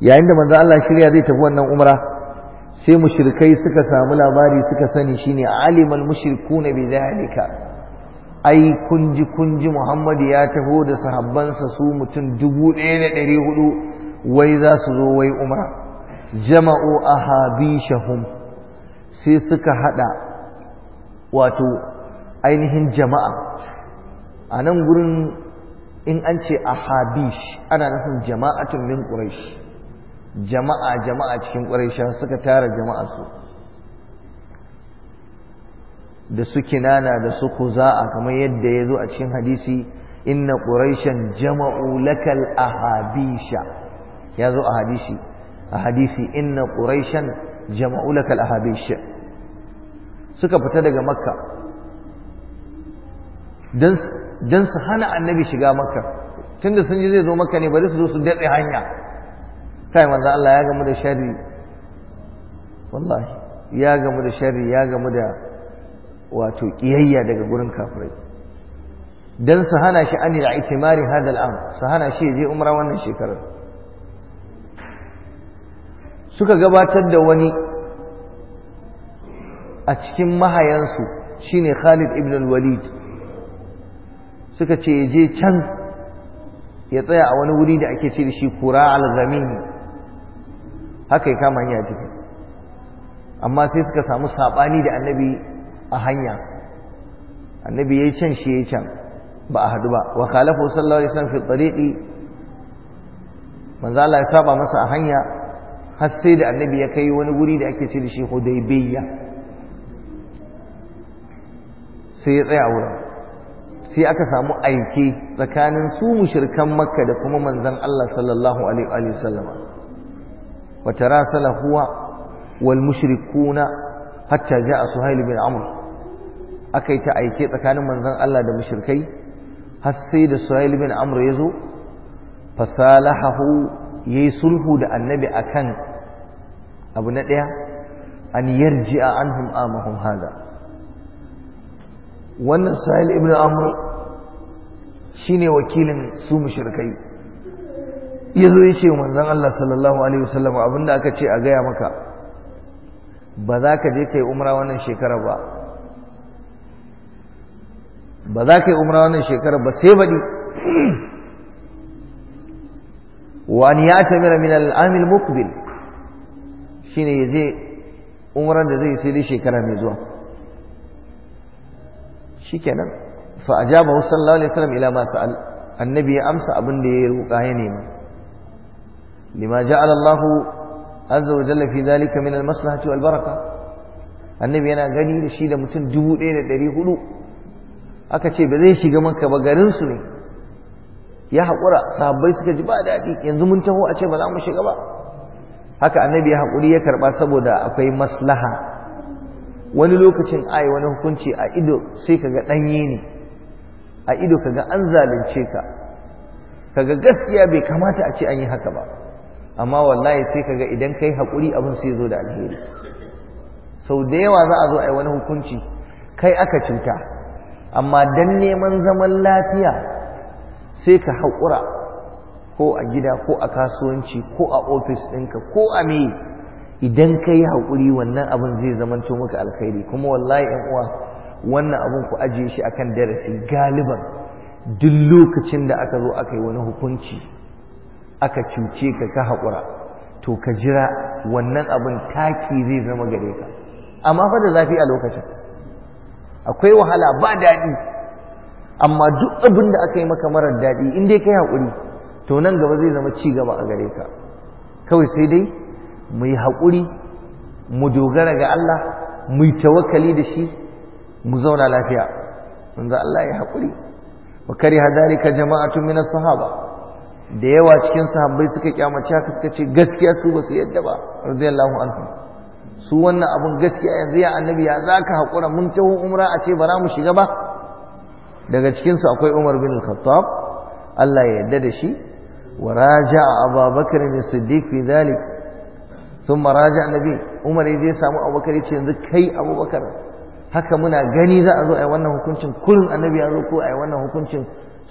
yayin da manzo Allah shirya zai tafi wannan umra sai mushrikai suka samu labari suka sani shine alimul mushrikuna bi zalika ai kunji kunji Muhammad ya taho da sahabbansa su mutum dubu ɗaya da ɗari hudu wai za su zo wai umra jama'u ahabishahum sai suka hada wato ainihin jama'a a nan gurin in an ce ahabish ana nufin jama'atun min quraish jama'a jama'a cikin ƙwarishan suka tara jama'a su da su kinana da su kuza'a kamar yadda ya zo a cikin hadisi inna ƙwarishan jama'u lakal ahabisha ya zo a hadisi a hadisi inna ƙwarishan jama'u lakal ahabisha suka fita daga makka don su hana annabi shiga makka tunda sun ji zai zo makka ne bari su zo su daɗe hanya kai manzo Allah ya gamu da sharri wallahi ya gamu da sharri ya gamu da wato kiyayya daga gurin kafirai dan su hana shi anil itimari hadal am su hana shi je umra wannan shekarar suka gabatar da wani a cikin mahayansu shine Khalid ibn al-Walid suka ce je can ya tsaya a wani wuri da ake ce da shi kura al-ghamim haka ya kama hanya ciki amma sai suka samu saɓani da annabi a hanya annabi ya yi can shi ya yi can ba a haɗu ba wa khalafu sallallahu alaihi wasallam fi tariqi manzo Allah ya saba masa a hanya har sai da annabi ya kai wani guri da ake ce da shi Hudaybiyya sai ya tsaya a wurin sai aka samu aike tsakanin su mushrikan Makka da kuma manzon Allah sallallahu alaihi wasallam وتراسل هو والمشركون a Suha'il bin بن عمرو akai ta aike tsakanin manzon Allah da mushrikai har sai da Suhail bin Amr yazo fasalahahu yayi sulhu da annabi akan abu na daya an yarji'a anhum amahum hada wannan Suhail ibn Amr shine wakilin su mushrikai ya zo ya ce manzan Allah sallallahu alaihi wasallam abinda aka ce a gaya maka ba za ka je ka yi umra wannan shekara ba ba za ka yi umra wannan shekara ba sai baɗi wa ni ya tamira min al'amil mukbil shine ya je umran da zai sai dai shekara mai zuwa shikenan fa ajaba sallallahu alaihi wasallam ila masu annabi ya amsa abin da ya roƙa ya nema لما جعل الله عز وجل في ذلك من المصلحة والبركة النبي أنا da رشيد متن دبو إلى دري هلو aka ce ba zai shiga maka ba garinsu ne ya haƙura sahabbai suka ji ba daɗi yanzu mun taho a ce ba za mu shiga ba haka annabi ya haƙuri ya karɓa saboda akwai maslaha wani lokacin ai wani hukunci a ido sai kaga ɗanye ne a ido kaga an zalunce ka kaga gaskiya bai kamata a ce an yi haka ba amma wallahi sai kaga idan kai hakuri abin sai zo da alheri sau da yawa za a zo a yi wani hukunci kai aka cuta amma dan neman zaman lafiya sai ka haƙura ko a gida ko a kasuwanci ko a ofis ɗinka ko a me idan ka yi haƙuri wannan abin zai zamanto maka alkhairi kuma wallahi ‘yan uwa wannan abin ku ajiye shi akan darasi galiban duk lokacin da aka zo aka yi wani hukunci aka cuce ka ka haƙura to ka jira wannan abin taki zai zama gare ka amma fa da zafi a lokacin akwai wahala ba daɗi amma duk abin da aka yi maka marar daɗi in dai kai haƙuri to nan gaba zai zama ci gaba a gare ka kawai sai dai mu yi haƙuri mu dogara ga Allah mu yi tawakkali da shi mu zauna lafiya manzo Allah ya haƙuri wa kariha dalika jama'atun min as-sahaba da yawa cikin sahabbai suka kyamace haka suka ce gaskiya su ba su yadda ba radiyallahu anhu su wannan abun gaskiya yanzu ya annabi ya za ka haƙura mun taho umra a ce ba za mu shiga ba daga cikinsu akwai umar bin al-khattab Allah ya yadda da shi wa a abubakar bin siddiq fi sun thumma raja annabi umar ya je samu abubakar ya ce yanzu kai abubakar haka muna gani za a zo a yi wannan hukuncin kurin annabi ya zo ko a yi wannan hukuncin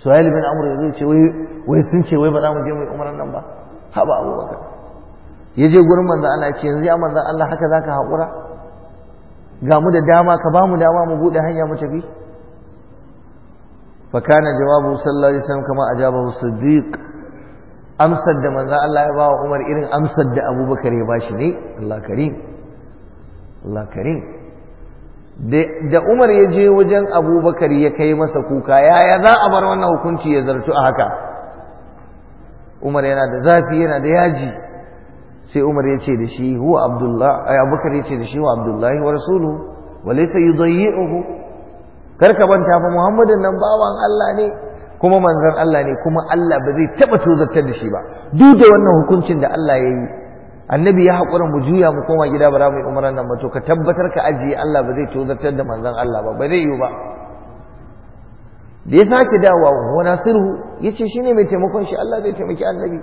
suhail bin amr ya zai ce wai sun ce wai ba za mu je mai yi nan ba haɓa abubakar ya je gurin manzo Allah ce yanzu ya manzo Allah haka za ka haƙura ga mu da dama ka ba mu dama mu buɗe hanya mu tafi fa kana jawabu sallallahu alaihi wasallam kama ajabahu siddiq amsar da manzo Allah ya bawa Umar irin amsar da Abubakar ya ba shi ne Allah karim Allah karim da umar ya je wajen abubakar ya kai masa kuka yaya za a bar wannan hukunci ya zartu a haka umar yana da zafi yana da yaji sai umar ya ce da shi huwa abdullah eh, abubakar ya ce da shi huwa abdullahi wa rasulu wa laysa kar ka banta fa muhammadin nan bawan Allah ne kuma manzon Allah ne kuma Allah ba zai taba tozartar da shi ba duk da wannan hukuncin da Allah ya yi annabi ya haƙura mu juya mu koma gida ba za mu yi umaran nan ba to ka tabbatar ka ajiye Allah ba zai tozartar da manzon Allah ba ba zai yiwu ba da ya sake dawa wa nasiru shi ne mai taimakon shi Allah zai taimaki annabi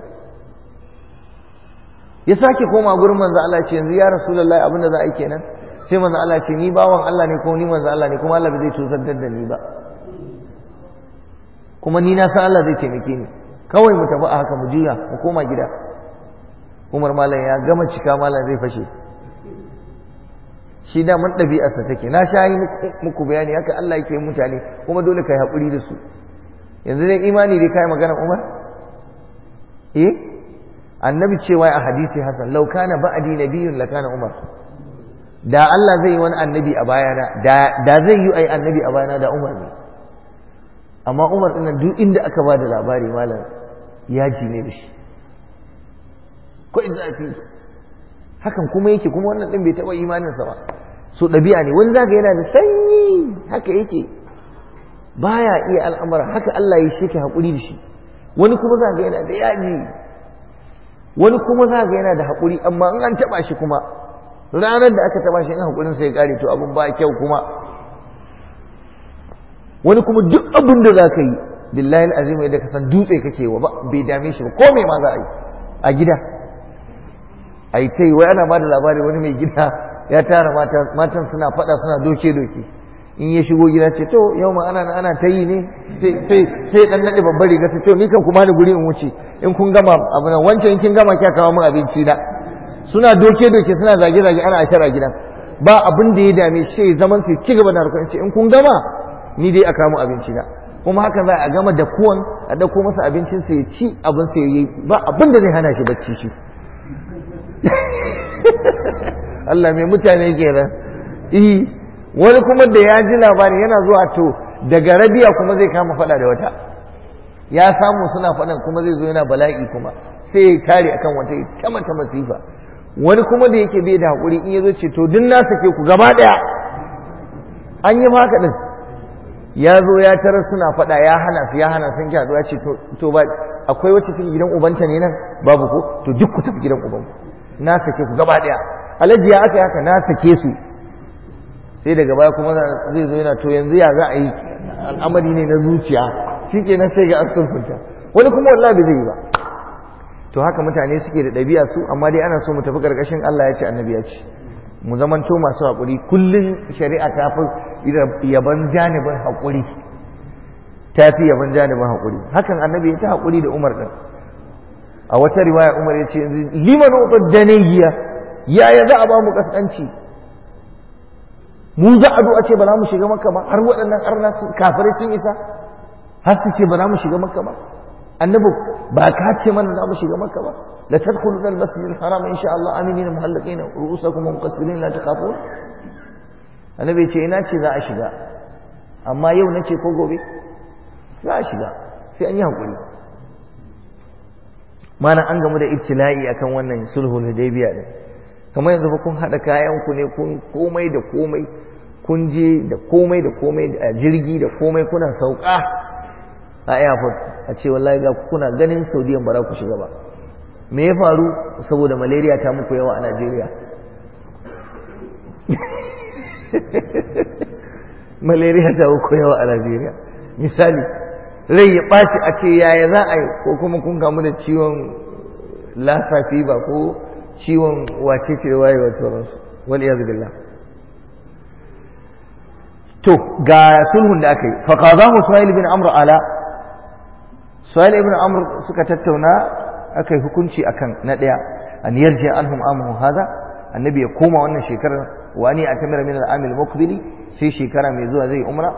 ya sake koma gurin manzon Allah ce yanzu ya rasulullahi abin da za a yi kenan sai manzon Allah ce ni bawan Allah ne ko ni manzon Allah ne kuma Allah ba zai tozartar da ni ba kuma ni na san Allah zai taimake ni kawai mu tafi a haka mu juya mu koma gida umar malam ya gama cika malam zai fashe shi daman ɗabi'arsa take na sha yi muku bayani haka Allah yake mutane kuma dole ka yi haƙuri da su yanzu dai imani dai kai magana umar eh annabi cewa a hadisi hasan law kana ba'di nabiyyun lakana umar da Allah zai yi wani annabi a bayana da zai yi ai annabi a bayana da Umar ne amma Umar din duk inda aka ba da labari malam ya ji ne da shi in zafi hakan kuma yake kuma wannan din bai taɓa imaninsa ba so ɗabi'a ne wani zaka yana da sanyi haka yake baya iya al'amara haka Allah ya shi haƙuri da shi wani kuma zaka yana da yaji wani kuma zaka yana da haƙuri amma in an taba shi kuma ranar da aka taba shi in haƙurin sai ya kare to abin ba kyau kuma wani kuma duk abin da zaka yi billahi alazim idan ka san dutse kake wa ba bai dame shi ba ko mai ma za a yi a gida ai tai wai ana ba da labari wani mai gida ya tara matan matan suna faɗa suna doke doke in ya shigo gida ce to yau ma ana ana ta yi ne sai sai dan nade babbar riga ta to ni kan kuma ni guri in wuce in kun gama abin nan wancan in kin gama kya kawo min abinci na suna doke doke suna zage zage ana ashara gidan ba abin da ya dame shi zaman su ci gaba da harkar in kun gama ni dai a kawo abinci na kuma haka za a gama da kuwan a dauko masa abincin sa ya ci abin sa ya yi ba abin da zai hana shi bacci shi Allah mai mutane ke nan. Ihi, eh, wani kuma da ya ji labari yana zuwa to daga rabiya kuma zai kama fada da wata ya samu suna fadan kuma zai zo yana bala'i kuma sai ya kare akan wata ta masifa wani kuma da yake bai da haƙuri, in ya zo ce to din nasa ke ku gaba ɗaya, an yi maka ɗin. ya zo ya tarar suna fada ya hana su ya hana sun ki ya ce to ba akwai wacce cikin gidan ubanta ne nan babu ko to duk ku tafi gidan ubanku na sake ku gaba daya alhaji ya aka haka na sake su sai daga baya kuma zai zo yana to yanzu ya za a yi al'amari ne na zuciya shi ke nan sai ga an sulhunta wani kuma wallah bai zai yi ba to haka mutane suke da ɗabi'a su amma dai ana so mu tafi ƙarƙashin Allah ya ce annabi ya ce mu zamanto masu haƙuri kullum shari'a ta fi yaban janibin haƙuri ta fi yaban janibin haƙuri hakan annabi ya ta haƙuri da umar ɗin a wata riwaya umar ya ce liman uqad daniya yaya za a ba mu kaskanci mu za a du'a ce ba za mu shiga maka ba har waɗannan arna kafirai sun isa har su ce ba za mu shiga maka ba annabi ba ka ce mana za mu shiga maka ba la tadkhulu al-masjid al-haram insha Allah aminina muhallaqina ru'usakum munqasirin la takhafun annabi ce ina ce za a shiga amma yau nace ko gobe za a shiga sai an yi hakuri mana an gamu da ibtila'i akan wannan sulhul hudaybiya din kamar yanzu fa kun hada kayan ku ne kun komai da komai kun je da komai da komai a jirgi da komai kuna sauka a airport a ce wallahi ga kuna ganin Saudiya ba za ku shiga ba me ya faru saboda malaria ta muku yawa a Najeriya malaria ta muku yawa a Najeriya misali rai ya ɓaci a ce yaya za a yi ko kuma kun kamu da ciwon lasafi ba ko ciwon wace ce waye wa sauransu wani yanzu to ga sulhun da aka yi faƙaza mu suhail bin Amur ala suhail ibn Amur suka tattauna aka yi hukunci akan na ɗaya an yarje anhum amu haza annabi ya koma wannan shekarar Wani a atamira min al mukbili sai shekara mai zuwa zai umra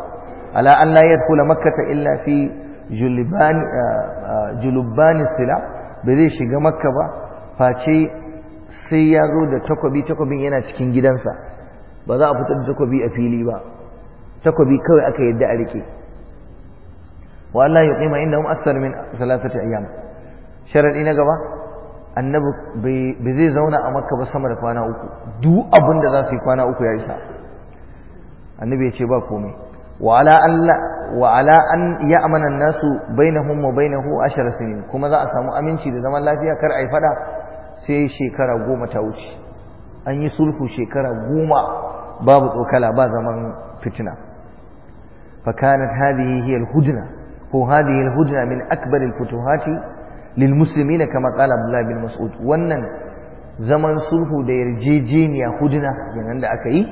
على أن لا يدخل makkata illa fi جلبان جلبان ah, ah, sila ba zai shiga makka ba face sai ya zo da takobi takobin yana cikin gidansa ba za a fitar da takobi a fili ba takobi kawai aka yadda a rike wa Allah ya na gaba annabi bai zai zauna a makka ba sama da kwana uku duk abin da za su yi kwana uku ya isa annabi ya ce ba komai wa'ala an yi amanan nasu bainahum wa bainahu ashara sinin kuma za a samu aminci da zaman lafiya kar a yi fada sai shekara goma ta wuce an yi sulhu shekara goma babu tsokala ba zaman fitina fakanat hadhihi hiya alhudna ko hadhihi alhudna min akbar alfutuhati lilmuslimina kama qala abdullah bin mas'ud wannan zaman sulhu da yarjejeniya hudna yanan da aka yi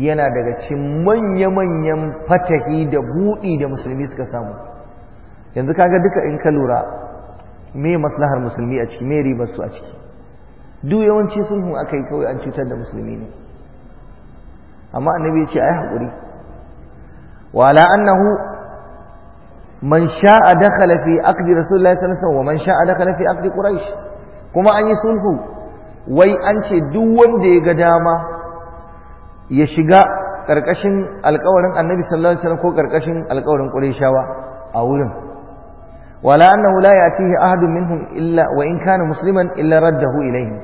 yana daga cikin manya-manyan fatahi da buɗi da musulmi suka samu yanzu kaga duka in ka lura me maslahar musulmi a ciki me ribar su a ciki duk yawanci sulhun aka yi kawai an cutar da musulmi ne amma annabi ya ce ai haƙuri wala annahu man sha'a dakhala fi aqdi rasulullahi sallallahu alaihi wasallam wa man sha'a dakhala fi aqdi quraish kuma an yi sulhu wai an ce duk wanda ya ga dama ya shiga ƙarƙashin alƙawarin annabi sallallahu alaihi wasallam ko ƙarƙashin alƙawarin qurayshawa a wurin wala annahu la yatihi ahadun minhum illa wa in kana musliman illa raddahu ilayhi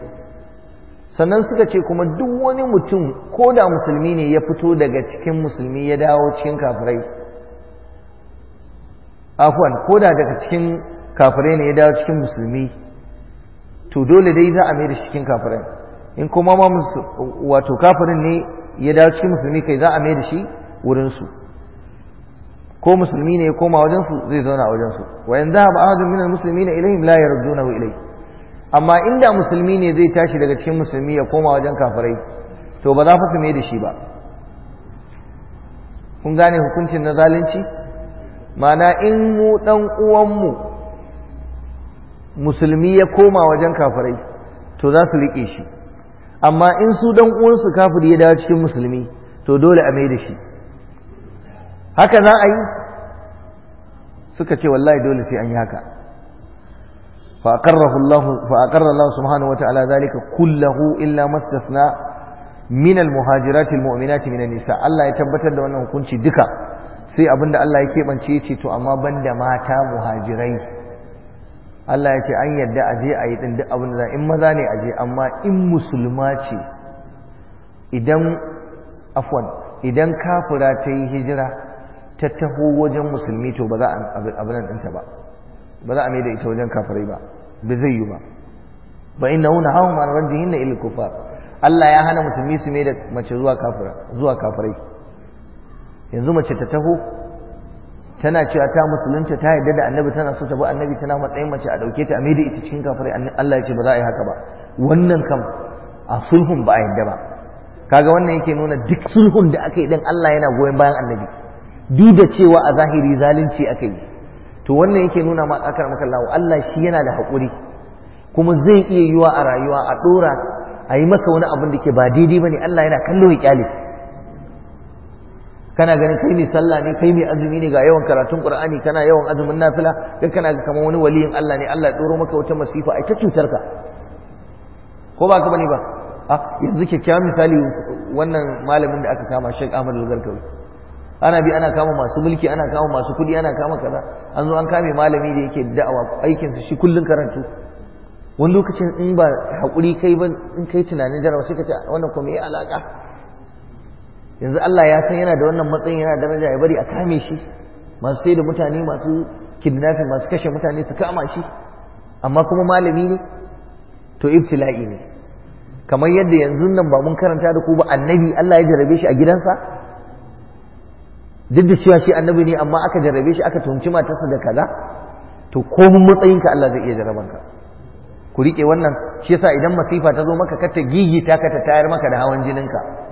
sannan suka ce kuma duk wani mutum ko da musulmi ne ya fito daga cikin musulmi ya dawo cikin kafirai afwan ko da daga cikin kafirai ne ya dawo cikin musulmi to dole dai za a mai da cikin kafirai in kuma ma wato kafirin ne ya dawo cikin musulmi kai za a mai da shi wurinsu ko musulmi ne ya koma wajensu zai zauna a wajensu wa yanzu ha ba'adun minal musulmi na ilayhim la na ilai amma inda musulmi ne zai tashi daga cikin musulmi ya koma wajen kafirai to ba za fa su mai da shi ba kun gane hukuncin na zalunci mana in mu dan uwanmu musulmi ya koma wajen kafirai to za su riƙe shi amma in su dan uwansu kafiri ya dawo cikin musulmi to dole a mai da shi haka za a yi suka ce wallahi dole sai an yi haka fa aqarrahu Allah subhanahu wa ta'ala zalika kullahu illa mastasna min al-muhajirat al min nisa Allah ya tabbatar da wannan hukunci duka sai abinda Allah ya keɓance ce, to amma banda mata muhajirai Allah ya ce an yadda a je a yi ɗin duk abin da za in maza ne a je amma in musulma ce idan afwan idan kafira ta yi hijira ta taho wajen musulmi to ba za a abin ɗinta ba ba za a mai da ita wajen kafirai ba ba zai yi ba ba inna wuna hawan ma rajin hinna ilil kufa Allah ya hana musulmi su mai da mace zuwa kafirai yanzu mace ta taho tana cewa ta musulunta ta yarda da annabi tana so ta bi annabi tana matsayin mace a dauke ta a maida ita cikin kafirai Allah ya ce ba za a yi haka ba wannan kam a sulhun ba a yarda ba kaga wannan yake nuna duk sulhun da aka yi dan Allah yana goyon bayan annabi duk da cewa a zahiri zalunci aka yi to wannan yake nuna ma akar maka Allah Allah shi yana da haƙuri kuma zai iya yiwa a rayuwa a dora a yi masa wani abin da ke ba daidai ne Allah yana kallo ya kyale kana ganin kai mai sallah ne kai mai azumi ne ga yawan karatun qur'ani kana yawan azumin nafila kai kana kamar wani waliyin Allah ne Allah ya doro maka wata masifa ai ta cutar ka ko ba ka bane ba a ah, yanzu kyakkyawan misali wannan malamin da aka kama Sheikh Ahmad Al-Garkawi ana bi ana kama masu mulki ana kama masu kudi ana kama kaza an zo an kame malami da yake da'awa aikin sa shi kullun karantu wani lokacin in ba hakuri kai ba in kai tunanin jarawa sai ka ce wannan ko me alaka yanzu Allah ya san yana da wannan matsayin yana daraja ya bari a kame shi masu sai da mutane masu kidnapping masu kashe mutane su kama shi amma kuma malami ne to ibtila'i ne kamar yadda yanzu nan ba mun karanta da ku ba annabi Allah ya jarabe shi a gidansa duk da cewa shi annabi ne amma aka jarabe shi aka tunci matarsa da kaza to ko mun matsayinka Allah zai iya jarabanka ku rike wannan shi yasa idan masifa ta zo maka ka ta gigita ka ta tayar maka da hawan jininka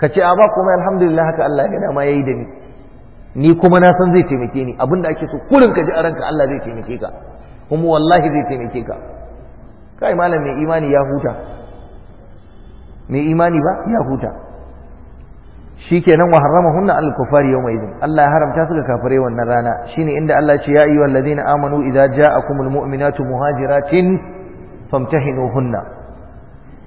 ka ce a ba komai alhamdulillah haka Allah ya dama yayi da ni ni kuma na san zai taimake ni abinda ake so kurin ka ji a ranka Allah zai taimake ka kuma wallahi zai taimake ka kai malam mai imani ya huta mai imani ba ya huta shikenan wa harramahunna al-kufar yawma idin Allah ya haramta su ga kafare wannan rana shine inda Allah ya ce ya ayyuhallazina amanu idza ja'akumul mu'minatu muhajiratin famtahinuhunna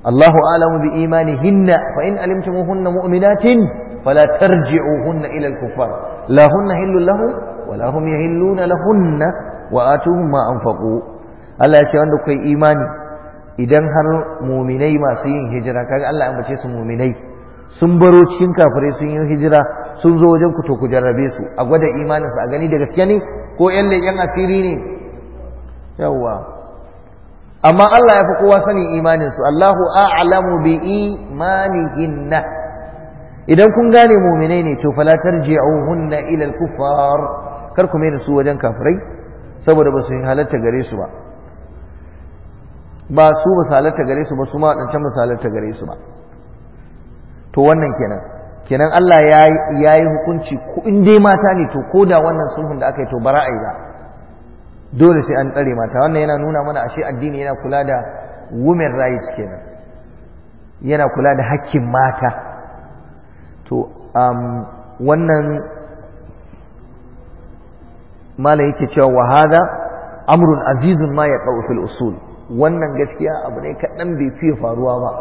Allahu a'lamu bi imanihinna fa in alimtumuhunna mu'minatin fala tarji'uhunna ila al-kuffar la hunna hillun lahum wa la hum yahilluna lahunna ma anfaqu Allah ya ce wanda kai imani idan har mu'minai masu yin hijira kaga Allah ya ambace su mu'minai sun baro cikin kafirai sun yi hijira sun zo wajen ku ku jarrabe su a gwada imaninsu a gani da gaske ne ko yan leƙen asiri ne yawwa amma Allah ya fi kowa sanin imaninsu Allahu a'lamu bi imanihinna idan kun gane muminai ne to fala tarji'uhunna ila al-kuffar kar ku mai su wajen kafirai saboda ba su halatta gare su ba ba su ba su halatta gare su ba su ma wadancan ba su halatta gare su ba to wannan kenan kenan Allah ya yi hukunci in dai mata ne to ko da wannan sulhun da aka yi to ba ba dole sai an tsare mata wannan yana nuna mana ashe addini yana kula da women rights kenan yana kula da hakkin mata to um, wannan mala yake cewa wa hada amrun azizun ma ya fil usul wannan gaskiya abu ne kaɗan bai fiye faruwa ba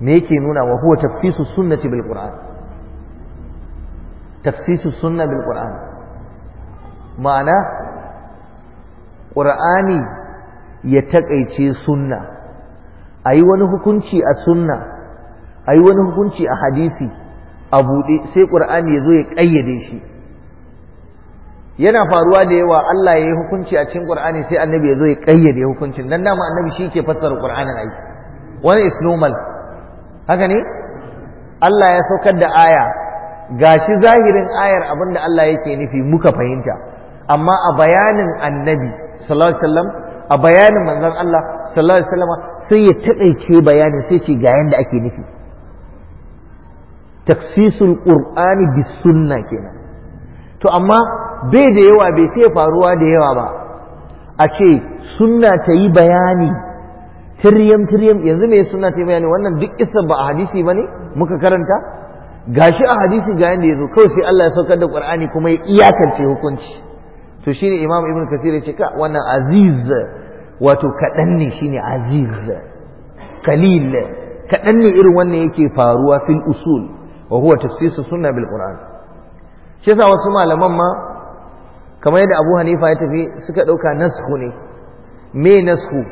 me yake nuna wa huwa tafsisu sunnati bil qur'an tafsisu sunna bil qur'an ma'ana qur'ani ya taƙaice sunna a yi wani hukunci a sunna a yi wani hukunci a hadisi a buɗe sai qur'ani ya zo ya ƙayyade shi yana faruwa da yawa Allah ya yi hukunci a cikin qur'ani sai annabi ya zo ya ƙayyade hukuncin dan dama annabi shi ke fassar ƙur'anin ai wani is normal haka ne Allah ya saukar da aya gashi zahirin ayar abinda Allah yake nufi muka fahimta amma a bayanin annabi sallallahu alaihi wasallam a bayanin manzon Allah sallallahu alaihi wasallam sai ya taƙaice bayanin sai ce ga yanda ake nufi taksisul qur'ani bis sunna kenan to amma bai da yawa bai sai faruwa da yawa ba a ce sunna ta yi bayani tiryam tiryam yanzu me sunna ta yi bayani wannan duk isa ba a hadisi bane muka karanta gashi a hadisi ga yanda yazo kawai sai Allah ya saukar da qur'ani kuma ya iyakance hukunci to shi ne imam ibn kasir ya ce ka wannan aziz wato kaɗan ne shi ne aziz kalil kaɗan ne irin wannan yake faruwa fil usul wa huwa tafsisu sunna bil qur'an shi yasa wasu malaman ma kamar yadda abu hanifa ya tafi suka ɗauka nasku ne me nasku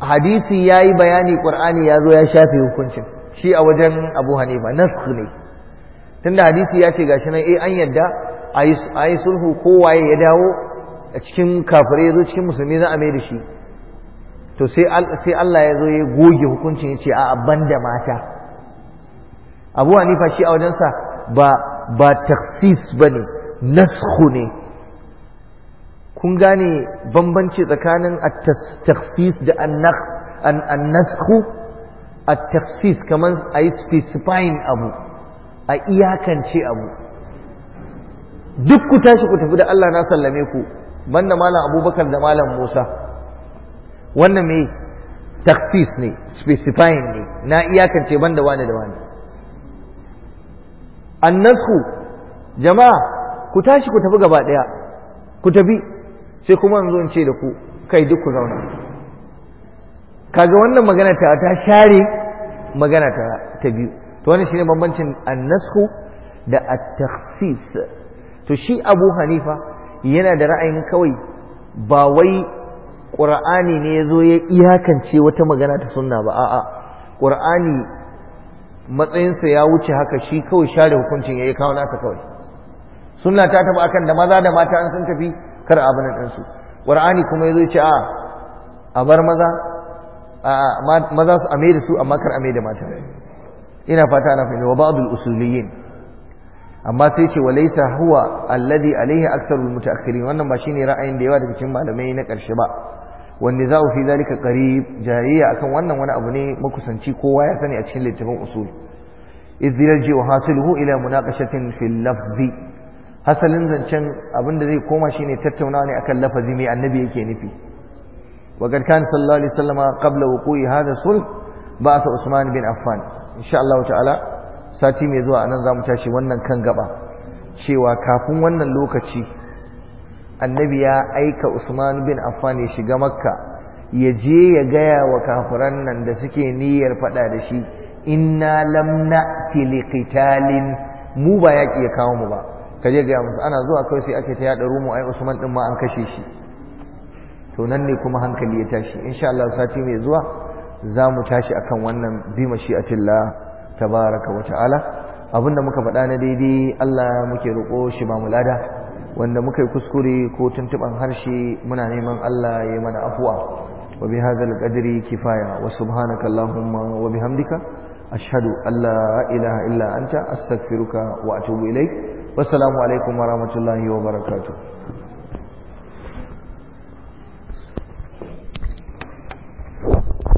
hadisi ya yi bayani ƙur'ani ya zo ya shafe hukuncin shi a wajen abu hanifa nasku ne tunda hadisi ya ce gashi nan eh an yadda a yi sulhu kowaye ya dawo a cikin kafirai ya zo cikin musulmi za a da shi to sai Allah ya zo ya goge hukuncin ya ce a abban da mata abu hanifa shi a wajensa ba ba taksis ba ne nasku ne kun gane bambanci tsakanin a taksis da annasku a taksis kamar a yi specifying abu a iyakance abu duk ku tashi ku tafi da Allah na sallame ku banda malam abubakar da malam musa wannan mai taksis ne specifying ne na iyakance banda wani da wani annasku jama'a ku tashi ku tafi gaba ɗaya ku tafi sai kuma in zo in ce da ku kai duk ku zauna kaga wannan magana ta ta share magana ta ta biyu to wannan shine bambancin annasku da at-takhsis to shi abu hanifa yana da ra'ayin kawai ba wai ƙur'ani ne ya zo ya iyakance wata magana ta sunna ba a'a ƙur'ani matsayinsa ya wuce haka shi kawai share hukuncin ya yi kawo nasa kawai sunna ta taba akan da maza da mata an sun tafi kar abin ɗansu. ƙur'ani kuma ya zo ce a a bar maza maza su ame da su amma kar ame da mata ina fata ana fahimta wa ba'dul usuliyin amma sai ce walaysa huwa alladhi alayhi aktharul mutaakhirin wannan ba shine ra'ayin da yawa daga cikin malamai na karshe ba wanda za'u fi zalika qarib jariya akan wannan wani abu ne makusanci kowa ya sani a cikin littafin usul iz yarji wa hasiluhu ila munaqashatin fil lafzi hasalin zancen abinda zai koma shine tattaunawa ne akan lafazi mai annabi yake nufi wa kad kan sallallahu alaihi wasallama qabla wuqu'i hadha sulh ba'atha usman bin affan insha Allah ta'ala sati mai zuwa anan mu tashi wannan kan gaba cewa kafin wannan lokaci annabi ya aika Usman bin Affan ya shiga Makka ya je ya gaya wa kafiran nan da suke niyyar fada da shi inna lam na'ti liqitalin mu ba yaki ya kawo mu ba kaje ga musu ana zuwa kai sai ake ta yada rumu ai Usman din ma an kashe shi to nan ne kuma hankali ya tashi insha Allah sati mai zuwa za mu tashi akan wannan bi mashi'atillah tabaraka wa ta'ala abinda muka faɗa na daidai Allah muke roƙo shi ba mu lada wanda muka yi kuskure ko tuntuban harshe muna neman Allah ya yi mana afuwa wa bi hadzal qadri kifaya wa subhanaka allahumma wa bihamdika ashhadu an la ilaha illa anta astaghfiruka wa atubu ilaik wassalamu alaikum wa rahmatullahi wa barakatuh